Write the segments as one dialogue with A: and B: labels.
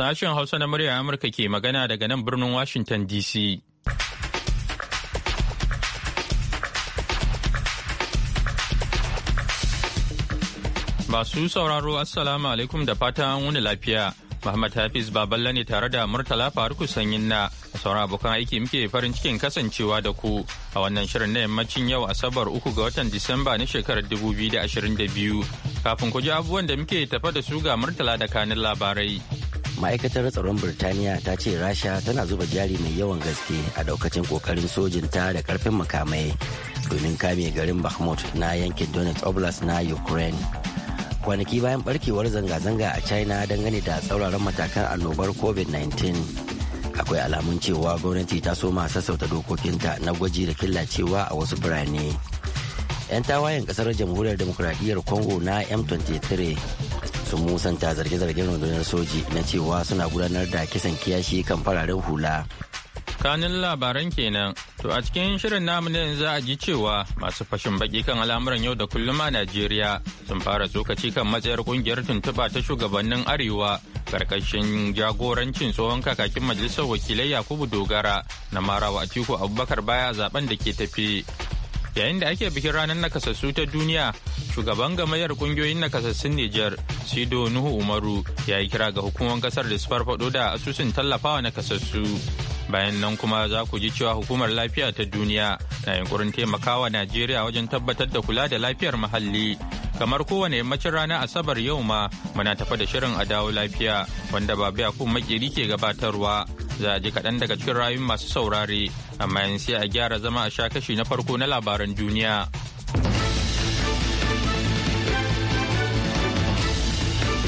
A: Sashen Hausa na murya Amurka ke magana daga nan birnin Washington DC. Masu sauraro Assalamu alaikum da fatan wani lafiya. Muhammad Hafiz Baballa ne tare da Murtala Faruku Sanyin na sauran abokan aiki muke farin cikin kasancewa da ku a wannan shirin na yammacin yau Asabar uku ga watan Disamba na shekarar 2022. Kafin ku ji abubuwan da muke tafa da su ga Murtala da kanin labarai.
B: ma'aikatar tsaron birtaniya ta ce rasha tana zuba jari mai yawan gaske a daukacin kokarin sojinta da karfin makamai domin kame garin bakhmut na yankin donetsk oblast na ukraine kwanaki bayan barkewar zanga-zanga a china dangane da tsauraran matakan annobar covid-19 akwai alamun cewa gwamnati ta soma sassauta dokokinta na gwaji da killacewa a wasu birane 'yan tawayen kasar jamhuriyar demokuraɗiyyar congo na m23 sun musanta zarge-zargen rundunar soji na cewa suna gudanar da kisan kiyashi kan fararen hula
A: kanin labaran kenan to a cikin shirin namu ne za a ji cewa masu fashin baki kan al'amuran yau da kullum a najeriya sun fara tsokaci kan matsayar kungiyar tuntuɓa ta shugabannin arewa karkashin jagorancin tsohon kakakin majalisar wakilai yakubu dogara na marawa atiku abubakar baya zaben da ke tafi yayin da ake bikin ranar nakasassu ta duniya shugaban gamayyar kungiyoyin nakasassun Nijar Sido Nuhu Umaru ya yi kira ga hukumar kasar da su farfado da asusun tallafawa nakasassu bayan nan kuma za ku ji cewa hukumar lafiya ta duniya na yunkurin taimakawa Najeriya wajen tabbatar da kula da lafiyar muhalli kamar kowane yammacin rana asabar yau ma muna tafa da shirin a dawo lafiya wanda ba biya yakub makeri ke gabatarwa za a ji kaɗan daga cikin rayun masu saurare amma yin sai a gyara zama a sha kashi na farko na labaran duniya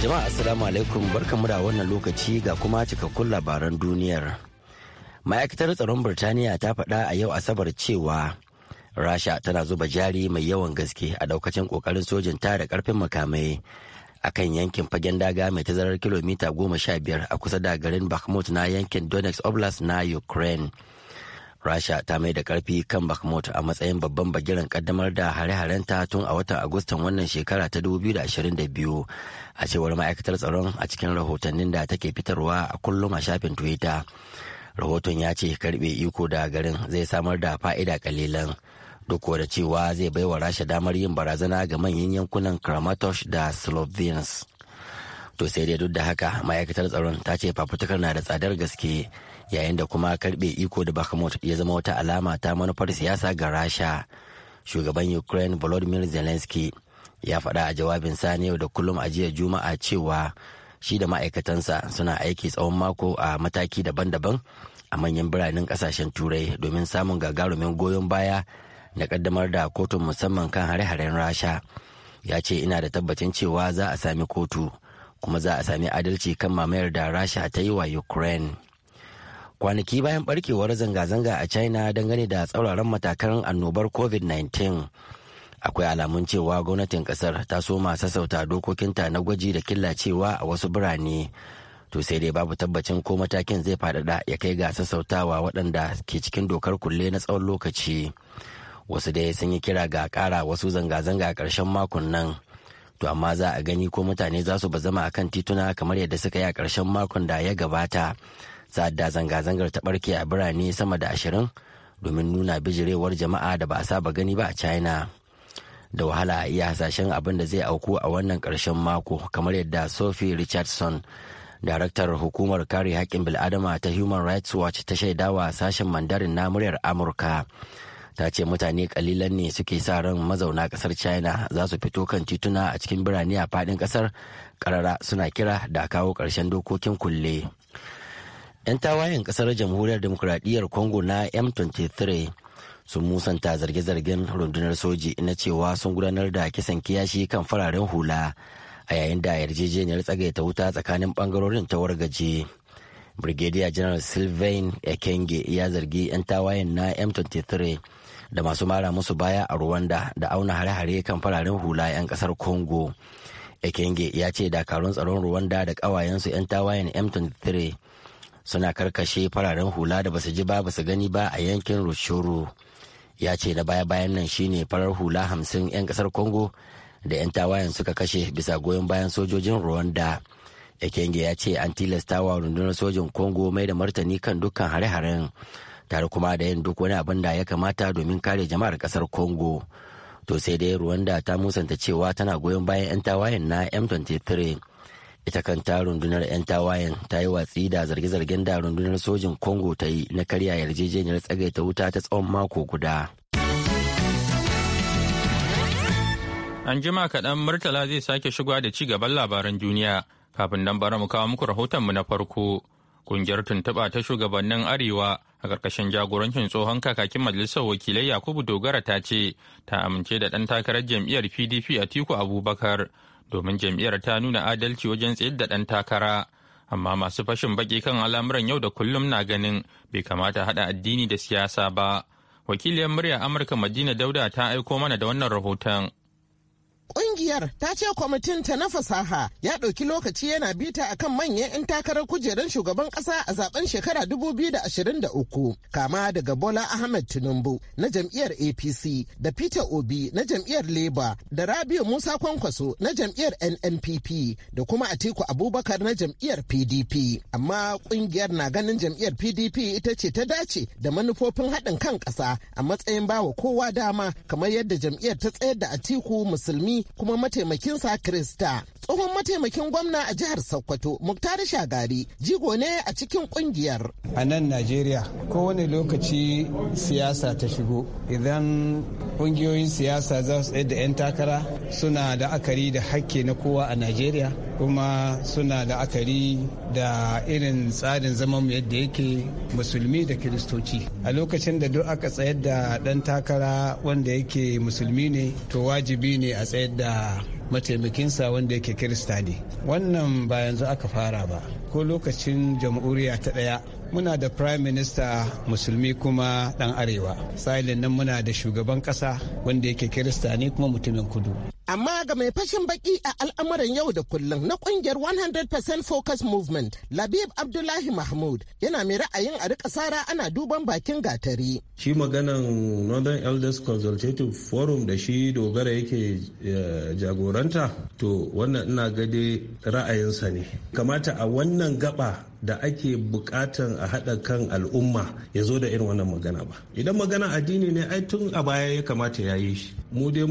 B: jama'a assalamu alaikum barkamu da wannan lokaci ga kuma cikakkun labaran duniyar ma'aikatar tsaron birtaniya ta faɗa a yau asabar cewa rasha tana zuba jari mai yawan gaske a daukacin kokarin sojin ta da karfin makamai a kan yankin fagen daga mai tazarar kilomita goma sha biyar a kusa da garin bakhmut na yankin donetsk oblast na ukraine rasha ta mai da karfi kan bakhmut a matsayin babban bagiran kaddamar da hare-harenta tun a watan agustan wannan shekara ta 2022 a cewar ma'aikatar tsaron a cikin rahotannin da take fitarwa a kullum a shafin twitter rahoton ya ce karbe iko da garin zai samar da fa'ida kalilan duk da cewa zai bai wa rasha damar yin barazana ga manyan yankunan kramatorsk da slovenes to sai dai duk da haka ma'aikatar tsaron ta ce fafutukar na da tsadar gaske yayin da kuma karbe iko da bakamot ya zama wata alama ta manufar siyasa ga rasha shugaban ukraine volodymyr zelensky ya faɗa a jawabin sa yau da kullum a jiya juma'a cewa shi da ma'aikatansa suna aiki tsawon mako a mataki daban-daban a manyan biranen kasashen turai domin samun gagarumin goyon baya na kaddamar da kotun musamman kan hare-haren rasha ya ce ina da tabbacin cewa za a sami kotu kuma za a sami adalci kan mamayar da rasha ta yi wa ukraine kwanaki bayan barkewar zanga-zanga a china dangane da tsauraran matakan annobar covid-19 akwai alamun cewa gwamnatin kasar ta soma sassauta dokokinta na gwaji da killacewa a wasu birane to sai dai babu tabbacin ko matakin zai faɗaɗa ya kai ga sassautawa waɗanda ke cikin dokar kulle na tsawon lokaci. wasu dai sun yi kira ga kara wasu zanga-zanga a ƙarshen makon nan to amma za a gani ko mutane za su bazama a kan tituna kamar yadda suka yi a ƙarshen makon da ya gabata sa'ad da zanga-zangar ta barke a birane sama da ashirin domin nuna bijirewar jama'a da ba a saba gani ba a china da wahala a iya hasashen abin da zai auku a wannan karshen mako kamar yadda sophie richardson daraktar hukumar kare haƙƙin bil'adama ta human rights watch ta shaidawa sashen mandarin na muryar amurka ta ce mutane kalilan ne suke sa ran mazauna kasar china za su fito kan tituna a cikin birane a fadin kasar karara suna kira da kawo karshen dokokin kulle 'yan tawayen kasar jamhuriyar demokuraɗiyyar congo na m23 sun musanta zarge-zargen rundunar soji na cewa sun gudanar da kisan kiyashi kan fararen hula a yayin da yarjejeniyar tsagaita wuta tsakanin bangarorin ta wargaje. brigadier general sylvain ekenge ya zargi 'yan tawayen na m23 da masu mara musu baya a rwanda da auna hare-hare kan fararen hula 'yan kasar congo ekenge ya ce dakarun tsaron rwanda da kawayensu 'yan tawayen m23 suna karkashe fararen hula da basu ji ba basu gani ba a yankin rushuru ya ce na baya-bayan nan shine farar hula hamsin 'yan kasar congo da 'yan tawayen suka kashe bisa goyon bayan sojojin rwanda. ekenge ya ce an tilasta wa rundunar sojin congo mai da martani kan dukkan hare-haren tare kuma da yin duk wani abin da ya kamata domin kare jama'ar kasar congo to sai dai rwanda ta musanta cewa tana goyon bayan 'yan tawayen na m23 ita kanta rundunar 'yan tawayen ta yi watsi da zarge-zargen da rundunar sojin congo ta yi na karya yarjejeniyar tsagaita wuta ta tsawon mako guda
A: an jima kaɗan murtala zai sake shigwa da ci gaban labaran duniya Kafin nan bara mu kawo muku rahotonmu na farko. Kungiyar tuntuɓa ta shugabannin Arewa a ƙarƙashin jagorancin tsohon kakakin majalisar wakilai Yakubu Dogara ta ce ta amince da ɗan takarar jam'iyyar PDP a Tiku Abubakar domin jam'iyyar ta nuna adalci wajen tsayar da ɗan takara. Amma masu fashin baƙi kan al'amuran yau da kullum na ganin bai kamata haɗa addini da siyasa ba. Wakiliyar murya Amurka Madina Dauda ta aiko mana da wannan rahoton.
C: Kungiyar ta ce kwamitin ta na fasaha ya ɗauki lokaci yana bita a kan manyan 'yan takarar kujerun shugaban ƙasa a zaben shekara dubu da ashirin uku kama daga Bola Ahmed Tinubu na jam'iyyar APC da Peter Obi na jam'iyyar Labour da Rabiu Musa Kwankwaso na jam'iyyar NNPP da kuma Atiku Abubakar na jam'iyyar PDP. Amma kungiyar na ganin jam'iyyar PDP ita ce ta dace da manufofin haɗin kan ƙasa a matsayin bawa kowa dama kamar yadda jam'iyyar ta tsayar da Atiku Musulmi kuma mataimakinsa Krista. Tsohon mataimakin gwamna a jihar Sokoto Muktar Shagari jigo ne a cikin kungiyar.
D: A nan Najeriya kowane lokaci siyasa ta shigo idan kungiyoyin siyasa za su tsaye da 'yan takara suna da akari da hakke na kowa a Najeriya kuma suna la'akari da irin tsarin zaman yadda yake musulmi da kiristoci a lokacin da duk aka tsayar da ɗan takara wanda yake musulmi ne to wajibi ne a tsayar da mataimakinsa wanda yake kirista ne wannan ba yanzu aka fara ba ko lokacin jamhuriya ta ɗaya muna da prime minister musulmi kuma ɗan arewa sa'ilin nan muna da shugaban ƙasa wanda yake kirista ne kuma mutumin kudu
C: Amma ga mai fashin baki a al'amuran yau da kullum na kungiyar 100% Focus Movement, Labib Abdullahi Mahmud yana mai ra'ayin a rika sara ana duban bakin gatari.
E: Shi maganan Northern Elders Consultative Forum da shi dogara yake eh, jagoranta, to wannan ina gade ra'ayinsa ne. Kamata a wannan gaba da ake bukatan a haɗa kan al'umma ya zo da irin wannan magana ba idan magana addini ne ai tun a baya ya kamata ya yi shi mu dai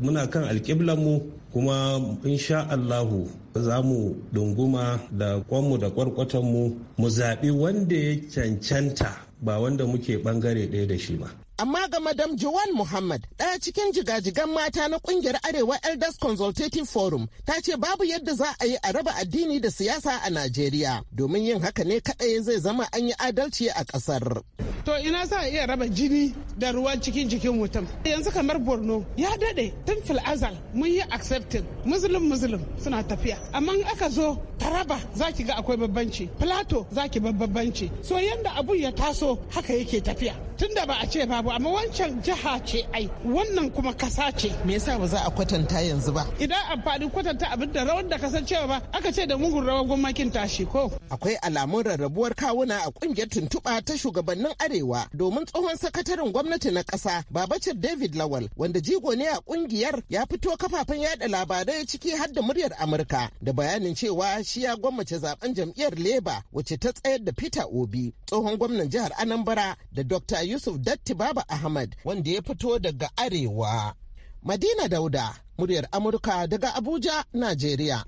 E: muna kan alƙiblanmu kuma insha Allahu za mu dunguma da kwanmu da kwarkwatanmu mu zaɓi wanda ya cancanta ba wanda muke ɓangare ɗaya da shi ba.
C: amma ga madam Juwan Muhammad ɗaya cikin jigajigan mata na kungiyar Arewa Elders Consultative Forum ta ce babu yadda za a yi a raba addini da siyasa a Najeriya domin yin haka ne kaɗai zai zama an yi adalci a kasar. To ina za a iya raba jini da ruwan cikin jikin mutum. Yanzu kamar Borno ya daɗe tun filazal azal mun yi accepting muslim muslim suna tafiya amma aka zo taraba za ki ga akwai babbanci plato za ki babbanci so yanda abun ya taso haka yake tafiya tunda ba a ce babu amma wancan jiha ce ai wannan kuma kasa ce me yasa ba za a kwatanta yanzu ba idan amfani kwatanta abin da rawar da cewa ba aka ce da mugun rawar gwamnatin tashi ko akwai alamun rarrabuwar kawuna a kungiyar tuntuɓa ta shugabannin arewa domin tsohon sakataren gwamnati na ƙasa babacin david lawal wanda jigo ne a kungiyar ya fito kafafen yada labarai ciki har da muryar amurka da bayanin cewa shi ya gwammace zaben jam'iyyar leba wacce ta tsayar da peter obi tsohon gwamnan jihar anambara da dr yusuf dattiba Baba Ahmad wanda ya fito daga Arewa. Madina Dauda, muryar Amurka daga Abuja, Najeriya.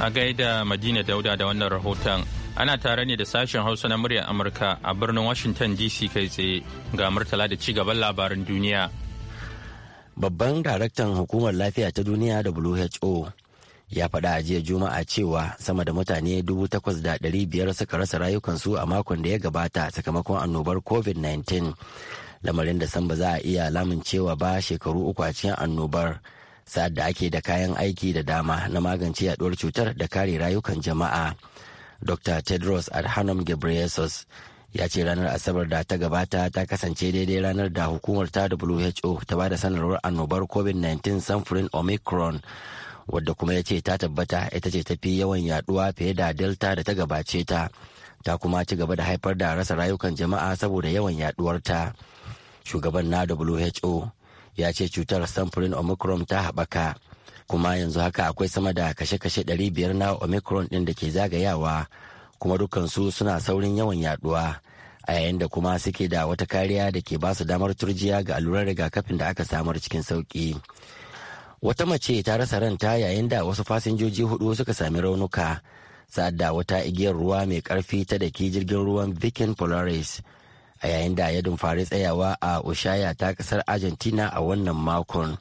A: A gaida Madina Dauda da wannan rahoton. Ana tare ne da sashen Hausa na muryar Amurka a birnin Washington DC kai tsaye ga murtala da ci gaban labaran duniya.
B: Babban daraktan hukumar lafiya ta duniya WHO ya faɗa a jiya juma'a cewa sama da mutane 8,500 suka rasa rayukansu a makon da ya gabata sakamakon annobar covid-19 lamarin da san ba za a iya lamuncewa ba shekaru uku a cikin annobar sa'ad da ake da kayan aiki da dama na magance yaduwar cutar da kare rayukan jama'a dr tedros adhanom ghebreyesus ya ce ranar asabar da ta gabata ta kasance daidai ranar da hukumar ta who ta bada sanarwar annobar covid-19 samfurin omicron wadda kuma ya ce ta tabbata ita ce tafi yawan yaduwa fiye da delta da ta gabace ta ta kuma ci gaba da haifar da rasa rayukan jama'a saboda yawan yaduwarta shugaban na who ya ce cutar samfurin omicron ta haɓaka kuma yanzu haka akwai sama da kashe-kashe 500 na omicron ɗin da ke zagayawa kuma dukansu suna saurin yawan yaduwa a yayin da kuma suke da wata kariya da ke ba su damar turjiya ga allurar rigakafin da aka samar cikin sauki wata mace ta rasa ranta yayin da wasu fasinjoji hudu suka sami raunuka sa'adda wata igiyar ruwa mai karfi ta daki jirgin ruwan viking polaris a yayin da ya dumfari tsayawa a ushaya ta kasar argentina a wannan makon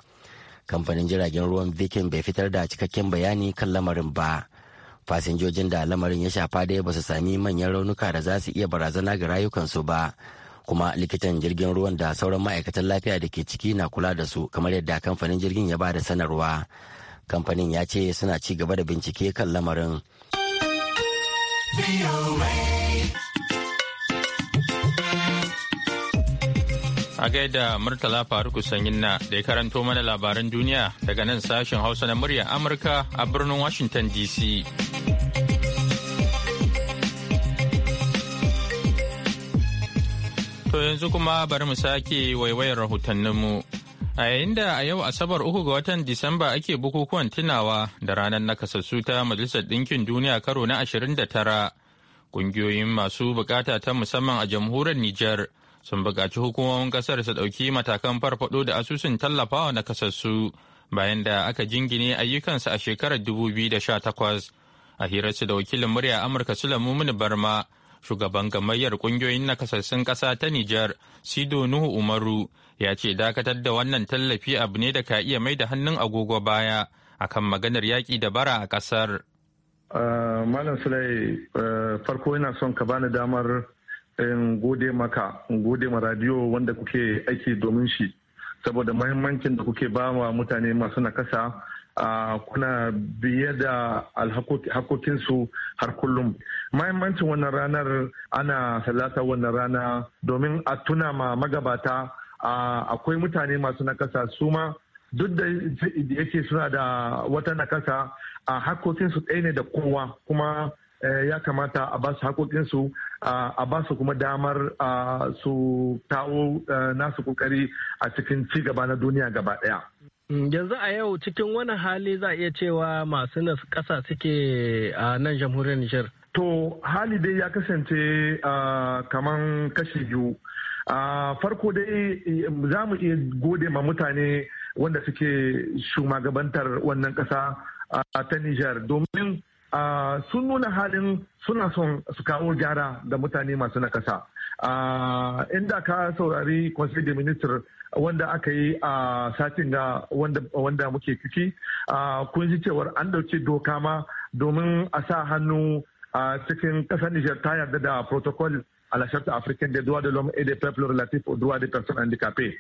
B: kamfanin jiragen ruwan viking bai fitar da cikakken bayani kan lamarin ba fasinjojin da lamarin ya shafa dai ba su sami manyan raunuka da za su iya barazana ga rayukansu ba kuma likitan jirgin ruwan da sauran ma'aikatan lafiya da ke ciki na kula da su kamar yadda kamfanin jirgin ya ba da sanarwa kamfanin ya ce suna ci gaba da bincike kan lamarin
A: a gaida murtala faruku sanyin na da ya karanto mana labaran duniya daga nan sashen hausa na murya amurka a birnin washington dc To yanzu kuma bari mu sake waiwayar rahotanninmu. A yayin da a yau Asabar uku ga watan Disamba ake bukukuwan tunawa da ranar nakasassu ta Majalisar Ɗinkin Duniya karo na 29, ƙungiyoyin masu bukata ta musamman a jamhuriyar Nijar sun buƙaci hukumomin ƙasar su ɗauki matakan farfaɗo da asusun tallafawa nakasassu bayan da aka jingine ayyukansu a shekarar 2018. A hirarsu da wakilin murya Amurka Sulaimu Barma shugaban gamayyar kungiyoyin nakasassun kasa ta Nijar, Sido Nuhu Umaru, ya ce dakatar da wannan tallafi abu ne da ka iya mai da hannun agogo baya akan maganar yaki da bara a ƙasar.
F: Ah, Malam Sulai, eh, farko yana son ka bani damar eh, in gode maka, in gode ma radiyo wanda kuke aiki domin shi, saboda mahimmancin da kuke ba wa mutane masu nakasa kuna biye da alhakokinsu har kullum. Mahimmancin wannan ranar ana salata wannan rana domin a tuna ma magabata akwai mutane masu nakasa su ma duk da yake suna da wata nakasa a hakokinsu ɗaya ne da kowa kuma eh, ya kamata a basu hakokinsu a basu kuma damar su kawo eh, nasu ƙoƙari a cikin cigaba na duniya gaba ɗaya.
B: Mm,
G: yanzu a yau cikin wani hali za a iya cewa masu nasu ƙasa suke a nan jamhuriyar nijar to hali dai ya kasance kaman kashi biyu
F: farko dai za mu iya gode ma mutane wanda suke shugabantar wannan ƙasa ta nijar domin sun nuna halin suna son su kawo gyara da mutane masu nakasa. Uh, inda ka saurari Conseil de ministar wanda aka yi a satin ga wanda muke ciki kun ji cewar an dauki doka ma domin a sa hannu a cikin kasar Nijar ta yarda da protocol A la charte africaine des droits de l'homme et des peuples relatifs aux droits des personnes handicapées.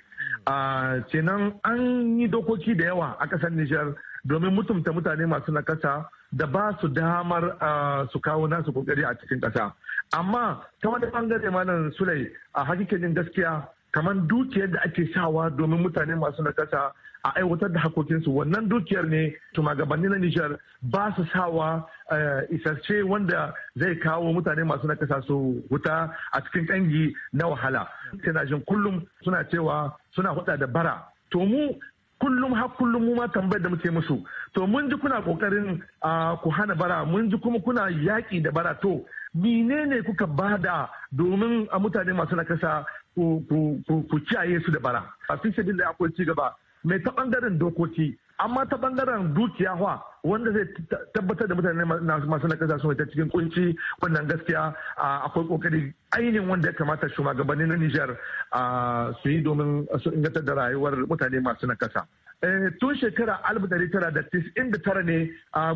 F: kenan an yi dokoki da yawa a kasar Nijar domin mutumta mutane masu nakasa da ba su damar su kawo nasu kokari a cikin kasa. Amma ta wani bangare malam Sulai a hakikalin gaskiya kamar dukiyar da ake sawa domin mutane masu nakasa a aiwatar da hakokinsu wannan dukiyar ne gabanin na nijar ba su sawa eh, isasce wanda zai kawo mutane masu nakasa su wuta a cikin kangi na wahala tana jin kullum suna cewa suna huda da bara to mu kullum har kullum mu ma tambayar da muke musu to mun ji kuna kokarin ku hana bara mun ji kuma kuna yaƙi da bara to menene kuka bada domin a mutane masu nakasa ku kiyaye su da bara a sun da akwai ci gaba mai ta bangaren dokoki amma ta bangaren dukiya wa wanda zai tabbatar da mutane masu nakasa sun ta cikin kunci wannan gaskiya akwai kokari ainihin wanda ya kamata shugabanni na Nijar su yi domin su ingantar da rayuwar mutane masu nakasa. Eh, tun shekara tara ne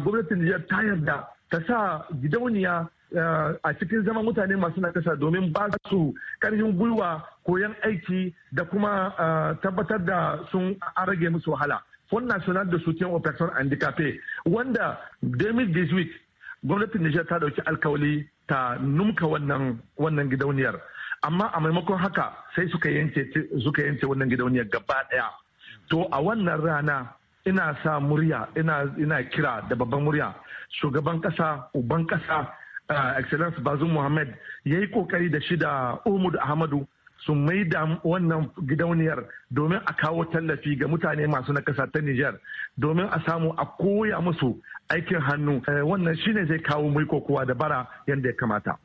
F: gwamnatin Nijar ta yarda ta sa gidauniya a cikin zama mutane masu nakasa domin ba su karfin gwiwa koyan aiki da kuma tabbatar da sun rage musu wahala Fon national de soutien aux personnes handicapées wanda 2018 gwamnatin nijar ta dauki alkawali ta numka wannan gidauniyar amma a maimakon haka sai suka yance wannan gidauniyar gaba daya to a wannan rana ina sa murya ina kira da babban murya shugaban kasa uban kasa excellence bazum muhammad ya yi kokari da shi da umud ahmadu su mai da wannan gidauniyar domin a kawo tallafi ga mutane masu nakasa ta Nijar domin a samu a koya musu aikin hannu eh, wannan shine zai kawo mai kokowa da bara yadda ya kamata.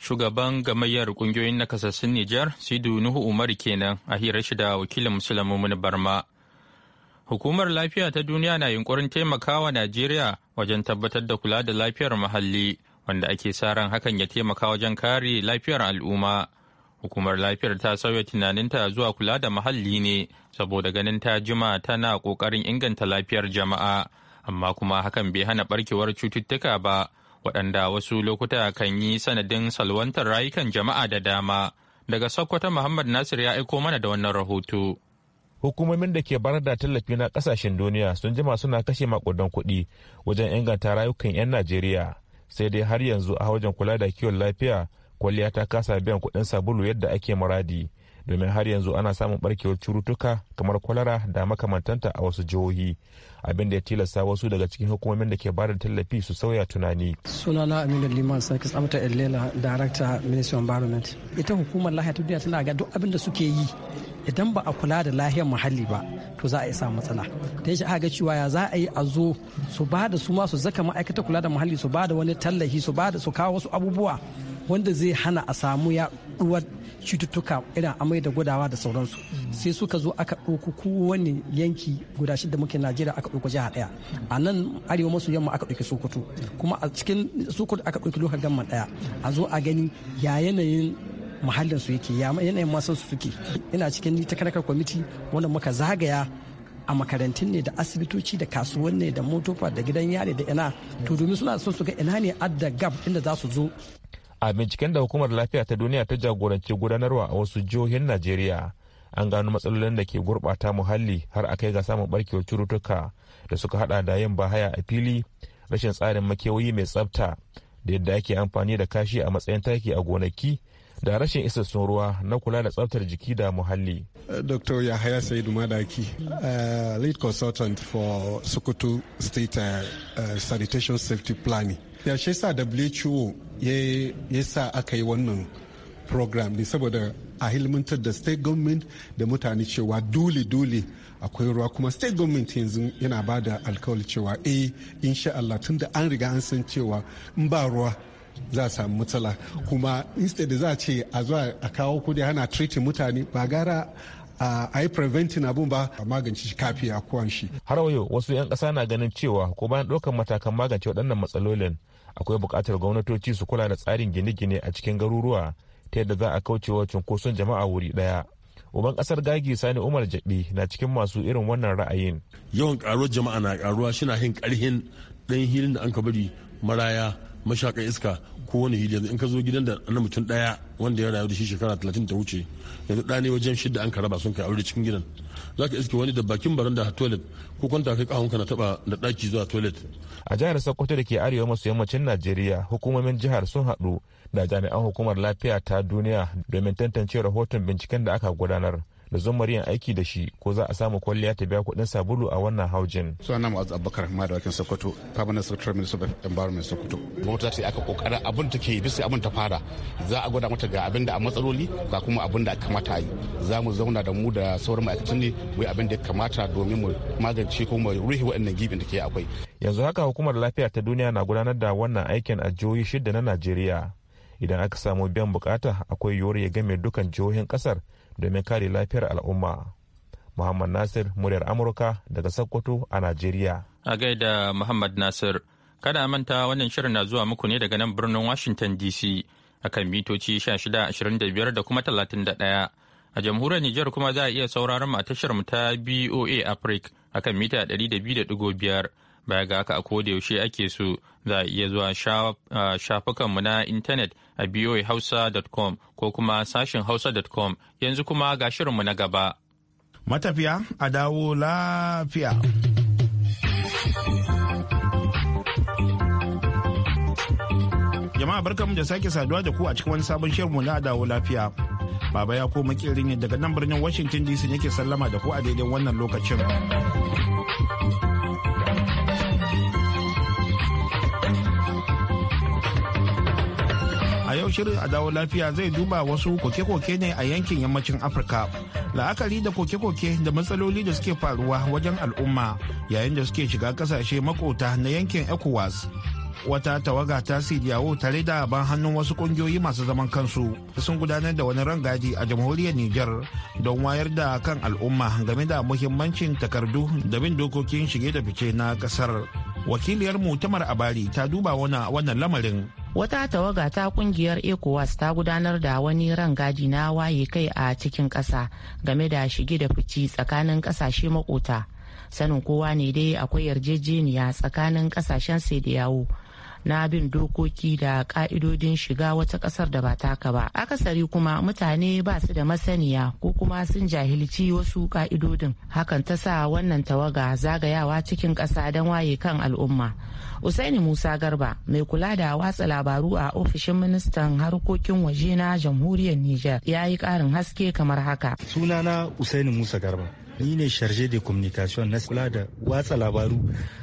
A: Shugaban gamayyar kungiyoyin nakasassun Nijar Sidu Nuhu Umar kenan a hirar shi da wakilin Musulmi Barma. Hukumar lafiya ta duniya na yunkurin taimakawa Najeriya wajen tabbatar da kula da lafiyar muhalli. wanda ake sa ran hakan ya taimaka wajen kare lafiyar al'umma. Hukumar lafiyar ta sauya tunaninta zuwa kula da muhalli ne saboda ganin ta jima tana kokarin inganta lafiyar jama'a, amma kuma hakan bai hana ɓarkewar cututtuka ba, waɗanda wasu lokuta kan yi sanadin salwantar rayukan jama'a da dama. Daga Sokoto Muhammad Nasir ya aiko mana da wannan rahoto.
E: hukumomin da ke bayar da tallafi na kasashen duniya sun jima suna kashe makudan kuɗi wajen inganta rayukan 'yan najeriya sai dai har yanzu a wajen kula da kiwon lafiya kwalliya ta kasa biyan kuɗin sabulu yadda ake muradi domin har yanzu ana samun barkewar cututtuka kamar kwalara da makamantanta a wasu jihohi abin da ya tilasta wasu daga cikin hukumomin da ke bada tallafi su sauya tunani.
C: sunana aminu liman sarki tsamta ellela director ministry of environment ita hukumar lahiya ta duniya tana ga duk abin da suke yi idan ba a kula da lahiyar muhalli ba to za a yi samu matsala ta yi ga cewa ya za a yi a zo su ba da su ma su zaka ma'aikata kula da muhalli su ba da wani tallafi su ba da su kawo wasu abubuwa wanda zai hana a samu yaduwar cututtuka irin amai da gudawa da sauransu sai suka zo aka ɗauko kowane yanki guda shida muke najeriya aka ɗauko jiha ɗaya a nan arewa maso yamma aka ɗauki sokoto kuma a cikin sokoto aka ɗauki lokacin gamma ɗaya a zo a gani ya yanayin muhallin su yake ya yanayin masan su suke ina cikin ni ta kwamiti wanda muka zagaya a makarantun ne da asibitoci da ne da motofa da gidan yare da ina to domin suna son su ga ina ne adda gab inda za su zo
E: a binciken da hukumar lafiya ta duniya ta jagoranci gudanarwa a wasu jihohin najeriya an gano matsalolin da ke gurɓata muhalli har a kai ga samun barkewar cututtuka da suka hada da yin bahaya a fili rashin tsarin makewayi mai tsafta da yadda ake amfani da kashi a matsayin taki a gonaki da rashin isassun ruwa na kula da tsaftar
C: jiki da muhalli. Dr. Yahaya Sayidu Madaki, lead consultant for Sokoto State uh, uh Sanitation Safety Planning. Yashe sa WHO ya sa aka yi wannan program ne saboda a hilmantar da state government da mutane cewa dole-dole akwai ruwa kuma state government yanzu yana ba da alkawali cewa eh insha Allah tun an riga an san cewa in ba ruwa za a samu matsala kuma instead za a ce a zuwa a kawo kudi hana treating mutane ba gara a yi preventing abun ba a magance shi kafi a kuwan shi. Har
E: wayo wasu 'yan ƙasa na ganin cewa ko bayan ɗaukar matakan magance waɗannan matsalolin akwai buƙatar gwamnatoci su kula da tsarin gine-gine a cikin garuruwa ta yadda za a kauce wa cunkoson jama'a wuri ɗaya. uban ƙasar gagi sani umar jabi na cikin masu irin wannan ra'ayin yawan karuwar jama'a na karuwa na hin karhin ɗan hilin da an ka bari maraya mashakar iska ko wani hili yanzu in ka zo gidan da na mutum daya wanda ya rayu da shi shekara talatin ta wuce yanzu ɗa ne wajen shidda an karaba sun kai aure cikin gidan za ka iske wani da bakin baranda a toilet ko kwanta kai kahonka na taba da ɗaki zuwa toilet. a jihar sokoto da ke arewa maso yammacin najeriya hukumomin jihar sun haɗu da jami'an hukumar lafiya ta duniya domin tantance rahoton binciken da aka gudanar da zumar yin aiki da shi ko za a samu kwalliya ta biya kuɗin sabulu a wannan haujin. Suna Mu'azzu Abubakar ma da wakin Sokoto, Permanent Secretary Minister of Environment Sokoto. Gwamnati ta yi aka kokari abin ta ke bisa abin ta fara. Za a gwada mata ga abin da a matsaloli ga kuma abin da kamata yi. Za mu zauna da mu da sauran ma'aikatan ne mu yi abin da kamata domin mu magance ko mu rufe waɗannan gibin da ke akwai. Yanzu haka hukumar lafiya ta duniya na gudanar da wannan aikin a jihohi shida na Najeriya. Idan aka samu biyan bukata akwai yiwuwar ya game dukan jihohin kasar domin kare lafiyar al'umma muhammad nasir muryar amurka daga sokoto a najeriya
A: a gaida muhammad nasir kada manta wannan shirin na zuwa muku ne daga nan birnin washington dc akan mitoci 1625 da kuma 31 a jamhuriyar Nijar kuma za a iya sauraron mu a tashar mu ta BOA Africa akan mita 200.5 baya ga haka a yaushe ake so za a iya zuwa shafukanmu na intanet a voahausa.com ko kuma sashen hausa.com yanzu kuma ga shirinmu na gaba.
H: Matafiya a dawo lafiya. Jama'a barkanmu da sake saduwa da ku a cikin wani sabon mu na dawo lafiya. Baba ya koma kirin daga nan birnin Washington DC yake sallama da ku a daidai wannan lokacin. shirin a dawo lafiya zai duba wasu koke-koke ne a yankin yammacin afirka la'akari da koke-koke da matsaloli da suke faruwa wajen al'umma yayin da suke shiga kasashe makota na yankin ecowas wata tawaga ta yawo tare da ban hannun wasu kungiyoyi masu zaman kansu sun gudanar da wani rangadi a jamhuriyar niger don wayar da kan al'umma game da muhimmancin takardu da bin dokokin shige da fice na kasar. Wakiliyar mutumar Tamar Abari ta duba wana wannan lamarin
I: wata tawaga ta kungiyar ecowas ta gudanar da wani rangadi na waye kai a cikin ƙasa game da shige da fice tsakanin ƙasashe makota sanin kowa ne dai akwai yarjejeniya tsakanin ƙasashen sai da yawo na bin dokoki da ka'idodin shiga wata kasar da ba taka ba akasari kuma mutane ba su da masaniya ko kuma sun jahilci wasu ka'idodin hakan ta sa wannan tawaga zagayawa cikin ƙasa don waye kan al'umma usaini musa garba mai kula da watsa labaru a ofishin ministan harkokin waje na jamhuriyar niger ya yi ƙarin haske kamar haka
G: sunana usaini musa garba ni ne charge de communication na kula da watsa labaru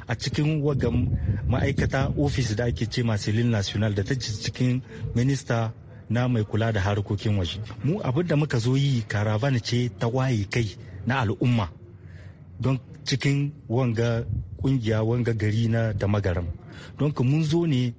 G: a cikin wagan ma'aikata ofis da ake ce masilin national da ta cikin minista na mai kula da harkokin waje mu abin da muka zo yi karavan ce ta waye kai na al'umma don cikin wanga kungiya wanga gari na da magaram don mun zo ne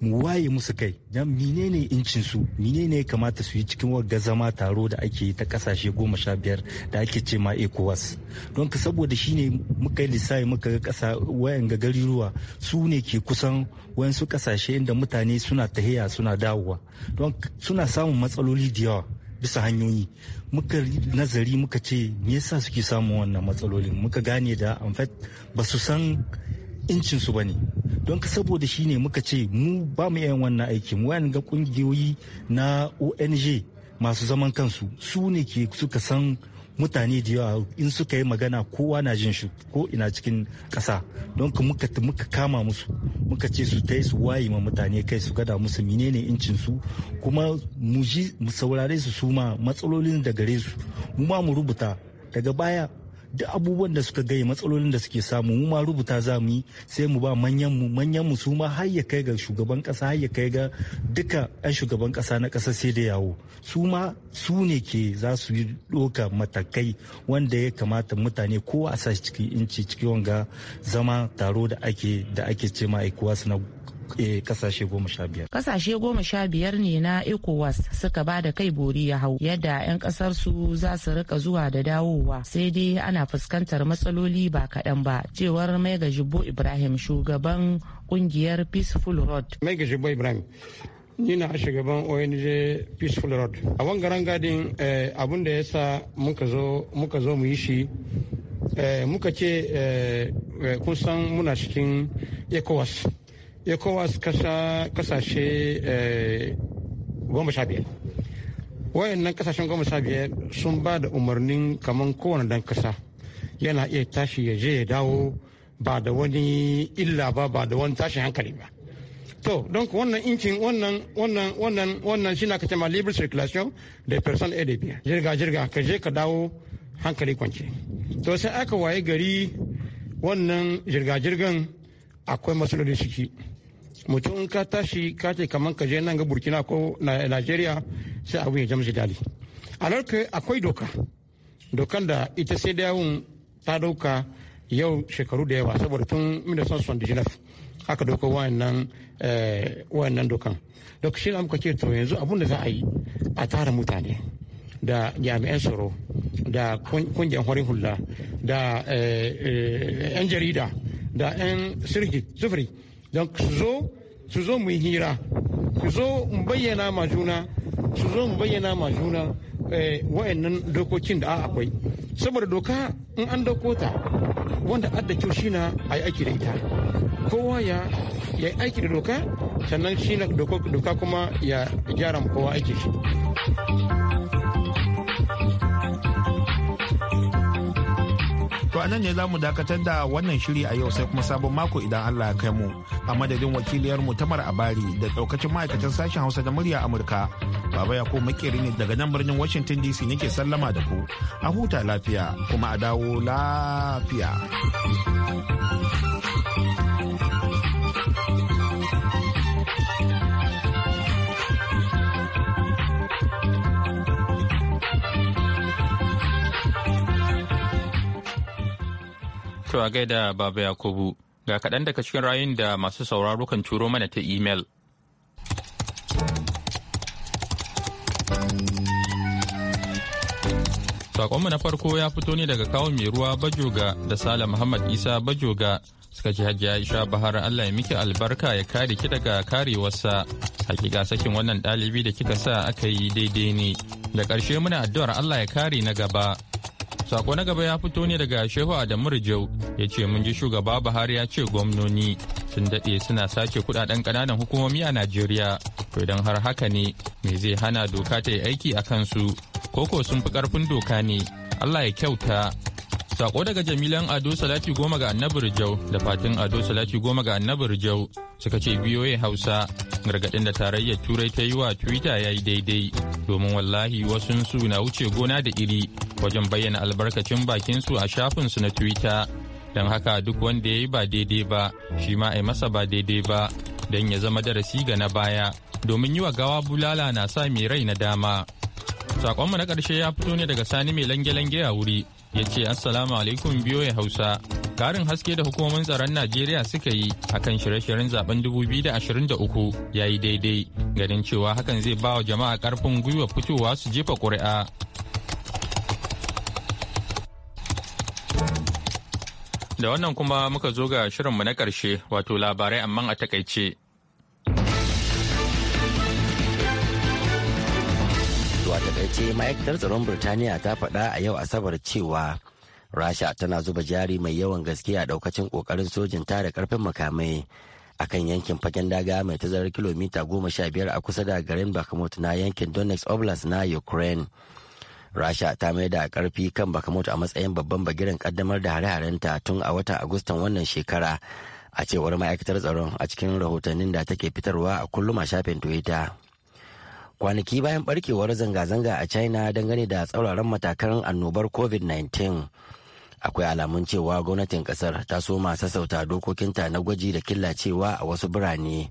G: mu waye musu kai don menene incin su menene kamata su yi cikin wagga zama taro da ake yi ta kasashe goma sha biyar da ake ce ma ECOWAS don ka saboda shine muka yi lissafi muka ga kasa wayan ga gariruwa su ne ke kusan su kasashe inda mutane suna tahiya suna dawowa don suna samun matsaloli da yawa bisa hanyoyi muka nazari muka ce me yasa suke samun wannan matsalolin muka gane da fa ba su san incin su bane don ka saboda shi ne muka ce mu ba mu yin wannan aiki mu wayan ga kungiyoyi na ONG masu zaman kansu su ne ke suka san mutane da yawa in suka yi magana kowa na jin shi ko ina cikin ƙasa don ka muka muka kama musu muka ce su tai su waye ma mutane kai su gada musu menene incin su kuma mu ji mu saurare su suma ma matsalolin da gare su mu ma mu rubuta daga baya duk abubuwan da suka gaya matsalolin da suke samu mu ma rubuta za mu yi sai mu ba manyan mu manyan mu su ma har ya kai ga shugaban kasa har ya kai ga duka yan shugaban kasa na kasa sai da yawo su ma su ne ke za su yi doka matakai wanda ya kamata mutane ko a sa cikin inci cikin wanga zama taro da ake da ake ce ma na eh kasashe goma sha biyar
I: kasashe goma sha biyar ne na ecowas suka ba da kai bori ya hau yadda 'yan kasar su za su rika zuwa da dawowa sai dai ana fuskantar matsaloli ba kaɗan ba cewar mai jibbo ibrahim shugaban kungiyar peaceful
D: road mai jibbo ibrahim ni na shugaban ONG Peaceful Road. A wangaren gadin eh, abin da ya sa muka zo mu yi shi eh, muka ce eh, kun san muna cikin ECOWAS. ecowas kasashe eh, goma sha biyar wayannan kasashen goma sha biyar sun ba da umarnin kamar kowane dan kasa yana iya tashi ya je ya dawo ba da wani illa ba ba da wani tashin hankali ba to don wannan incin wannan wannan wannan wannan shi na kace ma libre circulation da person a da biya jirga jirga ka je ka dawo hankali kwance to sai aka waye gari wannan jirga jirgan akwai matsaloli ciki mutum ka tashi ka ce kamar ka je nan ga burkina ko nigeria sai abin ya jamshi dali a akwai doka dokan da ita sai da yawon ta dauka yau shekaru da yawa saboda tun 1979 aka doka eh, wayannan dokan doka shi da muka ce to yanzu abun da za a yi a tara mutane da jami'an tsaro da kungiyar horin hula da eh, eh, 'yan jarida da 'yan sirri. don su zo su zo mu hira su zo mu bayyana ma juna su zo mu bayyana ma juna eh, wa'annan dokokin da akwai saboda doka in an dauko ta wanda adda kyau shi na a aiki da ita kowa ya yi aiki da doka sannan shi na doka kuma ya gyara kowa aiki
C: shi.
H: To anan ne za mu dakatar da wannan shiri a yau sai kuma sabon mako idan Allah ya kai mu. A madadin wakiliyar mu Tamar Abari da daukacin ma'aikatan sashen Hausa da murya Amurka. Baba ya ko makeri ne daga nan birnin Washington DC nake sallama da ku. A huta lafiya kuma a dawo lafiya.
A: a gaida Baba Yakubu ga kaɗan daga cikin rayun da masu sauraro kan turo mana ta imel. Sakonmu na farko ya fito ne daga kawo mai ruwa Bajoga da Sala Muhammad Isa Bajoga suka ji hajji Aisha Bahar Allah ya miki albarka ya kare ki daga karewarsa. Hakika sakin wannan ɗalibi da kika sa aka yi daidai ne. Da ƙarshe muna addu'ar Allah ya kare na gaba. Sako na gaba ya fito ne daga Shehu Adamu Rijau ya ce mun ji shugaba Buhari ya ce gwamnoni sun daɗe suna sace kudaden ƙananan hukumomi a Najeriya. To idan har haka ne me zai hana doka ta yi aiki a kansu ko sun fi ƙarfin doka ne Allah ya kyauta Sako daga Jamilan Ado Salati Goma ga Annabi Jau da Fatin Ado Salati Goma ga Annabi Jau suka ce ya Hausa gargaɗin da tarayyar Turai ta yi wa Twitter ya yi daidai domin wallahi su na wuce gona da iri wajen bayyana albarkacin bakinsu a shafin su na Twitter. Don haka duk wanda ya yi ba daidai ba shi ma a masa ba daidai ba don ya zama darasi ga na baya domin yi wa gawa bulala na sa mai rai na dama. Sakonmu na ƙarshe ya fito ne daga Sani mai lange-lange a wuri ya ce Assalamu alaikum ya Hausa. Karin haske da hukumomin tsaron Najeriya suka yi akan shirye-shiryen zaben 2023 ya yi daidai ganin cewa hakan zai ba wa jama'a ƙarfin gwiwa fitowa su jefa ƙuri'a. Da wannan kuma muka zo ga shirinmu na ƙarshe wato labarai amma a takaice.
B: takaitacce ma'aikatar tsaron Birtaniya ta faɗa a yau Asabar cewa Rasha tana zuba jari mai yawan gaske a daukacin kokarin sojin tare karfin makamai a kan yankin fagen daga mai tazarar kilomita goma sha biyar a kusa da garin Bakhmut na yankin Donetsk Oblast na Ukraine. Rasha ta mai da karfi kan Bakhmut a matsayin babban bagiren kaddamar da hare ta tun a watan Agustan wannan shekara a cewar ma'aikatar tsaron a cikin rahotannin da take fitarwa a kullum a shafin Twitter. kwanaki bayan barkewar zanga-zanga a china dangane da tsauraran matakan annobar covid-19 akwai alamun cewa gwamnatin kasar ta so soma sassauta dokokinta na gwaji da killacewa a wasu birane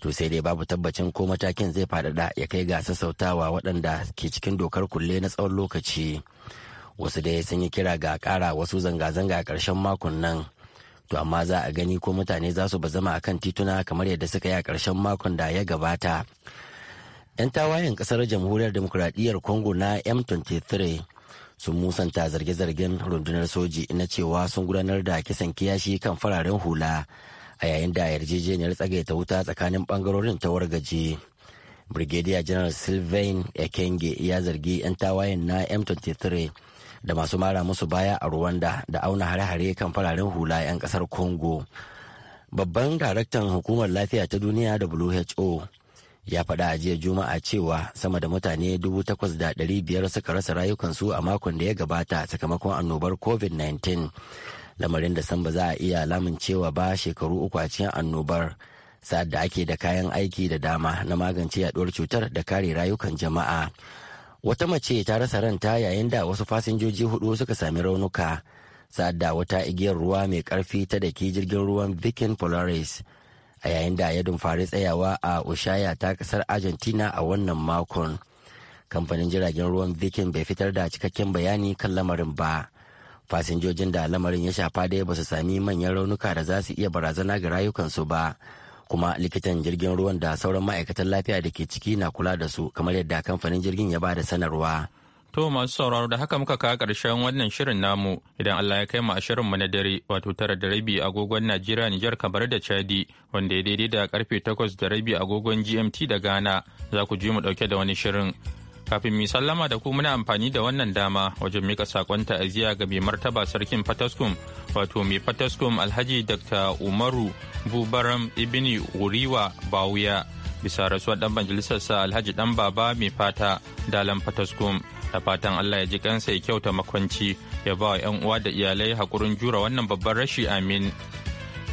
B: to sai dai babu tabbacin ko matakin zai faɗaɗa ya kai ga sassautawa waɗanda ke cikin dokar kulle na tsawon lokaci wasu dai sun yi kira ga ƙara wasu zanga-zanga a ƙarshen makon nan to amma za a gani ko mutane za su bazama akan tituna kamar yadda suka yi a ƙarshen makon da ya gabata 'yan tawayen kasar jamhuriyar demokuraɗiyyar congo na m23 sun musanta zarge-zargen rundunar soji ina cewa sun gudanar da kisan kiyashi kan fararen hula a yayin da yarjejeniyar tsagaita wuta tsakanin bangarorin tawar gaji, brigadier general sylvain ekenge ya zargi 'yan tawayen na m23 da masu mara musu baya a rwanda da auna hare-hare kan fararen hula 'yan kasar congo babban daraktan hukumar lafiya ta duniya who ya faɗa a jiya juma'a cewa sama da mutane 8,500 suka rasa rayukansu a makon da ya gabata sakamakon annobar covid-19 lamarin da san ba za a iya lamuncewa ba shekaru uku a cikin annobar sa'ad da ake da kayan aiki da dama na magance yaduwar cutar da kare rayukan jama'a wata mace ta rasa ranta yayin da wasu fasinjoji hudu suka sami raunuka sa'ad da wata igiyar ruwa mai karfi ta daki jirgin ruwan viking polaris a yayin da ya dumfari tsayawa a Ushaya ta kasar Argentina a wannan makon. Kamfanin jiragen ruwan Viking bai fitar da cikakken bayani kan lamarin ba. Fasinjojin da lamarin ya shafa dai ba su sami manyan raunuka da za su iya barazana ga rayukansu ba. Kuma likitan jirgin ruwan da sauran ma'aikatan lafiya da ke ciki na kula da su kamar yadda kamfanin jirgin ya ba da sanarwa.
A: To masu sauraro da haka muka kawo ƙarshen wannan shirin namu idan Allah ya kai mu a shirinmu na dare wato tara da rabi agogon Najeriya Nijar kamar da Chadi wanda ya daidai da karfe takwas da rabi agogon GMT da Ghana za ku ji mu ɗauke da wani shirin. Kafin mu sallama da ku muna amfani da wannan dama wajen mika sakon ta'aziyya ga mai martaba sarkin Fataskum wato mai Fataskum Alhaji Dr. Umaru Bubaram Ibini Uriwa Bawuya. bisa rasuwar dan majalisar sa Alhaji dan Baba mai fata Dalan Fataskum da fatan Allah ya ji kansa ya kyauta makwanci ya ba wa 'yan uwa da iyalai hakurin jura wannan babban rashi amin.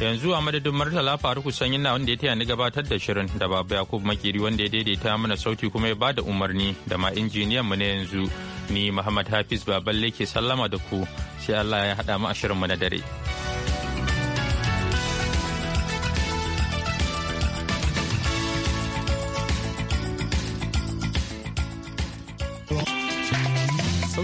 A: yanzu a madadin martala faruku sanyi na wanda ya taya ni gabatar da shirin da baba yakub makiri wanda ya daidaita mana sauti kuma ya bada umarni da ma injiniyan mu na yanzu ni muhammad hafiz baballe ke sallama da ku sai allah ya haɗa mu a shirin mu na dare.